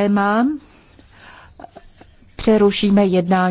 téma. Přerušíme jednání.